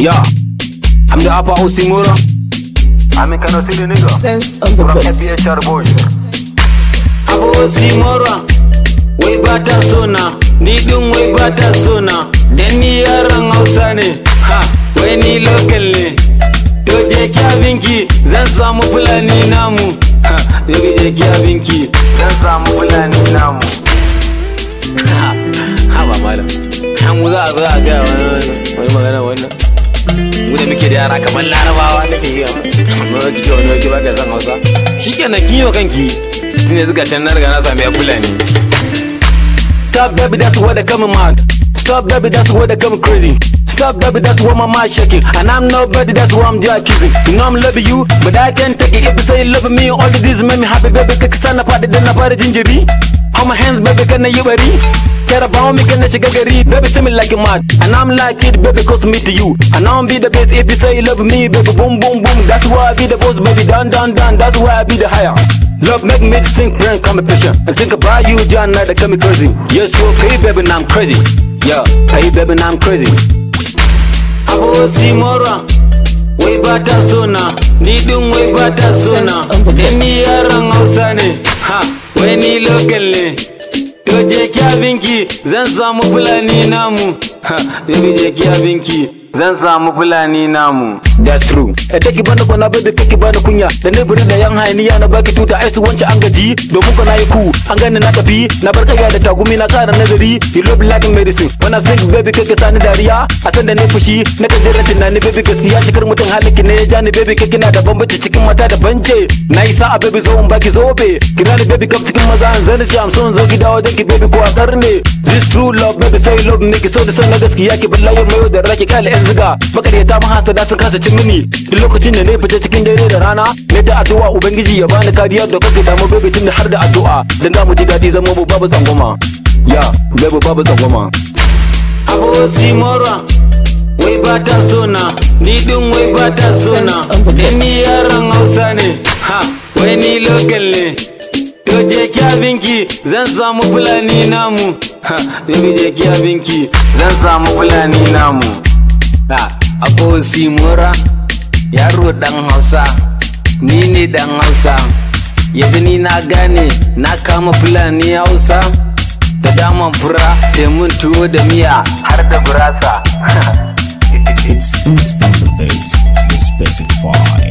Yeah, I'm the upper hosting Mura. I'm in Kano City, nigga. Sense on the From PHR boy. Upper hosting Mura. bata sona. Didun we bata sona. Deni yaran Hausa ne. Ha, we ni local ne. Doje ni namu. Ha, doje kyabinki zan samu ni namu. Ha, ha ha, ha, ha, ha, ha ha, ha, ha, wani yara kamar larabawa nake yi amma ki ce wani ba ka san hausa shi ke na kin yi wa kanki tun yanzu ga can na riga na sami ya kula ne stop baby that's what I come man stop baby that's what I come crazy Stop, baby, that's what my mind shaking And I'm nobody, that's why I'm just kissing You know I'm loving you, but I can't take it If you say you love me, all of this make me happy Baby, kaka sana party, then I party ginger I'm a hands, baby, can I you ready? care about me can a gari baby treat me like a man and I'm like it baby cause me to you and I'm be the best if you say you love me baby boom boom boom that's why I be the boss baby down down down that's why I be the higher Love make me come grand competition and think about you John night that come me crazy yes okay baby now I'm crazy yeah hey baby now I'm crazy Abosi mora wai ba ta sona ni din wai ba ta sona Any yaran I'm ne ha you ni at me. Yo je ki abinki zan samu fulani namu. Ha, je ki abinki zan samu fulani namu. that's true e take bana kwana bai take bana kunya da ne buri da yan ni yana baki tuta ai su wance an gaji domin kana yi ku an gane na tafi na barka kaya da tagumi na kara nazari you love like medicine when i think baby kake sani dariya a san da ne fushi na tunda ni baby ka siya cikar mutun haliki ne ya ja ni baby kake na da bambanci cikin mata da banje na yi sa'a baby zo in baki zobe kira da baby kaf cikin maza an zani shi hamsin zo ki dawo da ki baby ko a karne this true love baby say love ne ki so da son na gaskiya ki balla yau mai da raki kala yan ziga makaryata mahasa da sun kasa cikin duk lokacin da na fita cikin dare da rana na ta addu'a ubangiji ya bani kariya da kake damu bebe tun da har da addu'a dan za mu ji daɗi zama mu babu tsangwama ya babu babu tsangwama si mora wai ba ta sona ni din wai ba ta sona dan ni yaran hausa ne ha wai ni local ne je ki binki zan samu fulani namu ha je ki binki zan samu fulani namu si mura yaro dan Hausa ni ne dan Hausa yanzu ni na gane na kama Fulani Hausa da daman fura da mun tuwo da miya har da gurasa. It, it, it, it, it,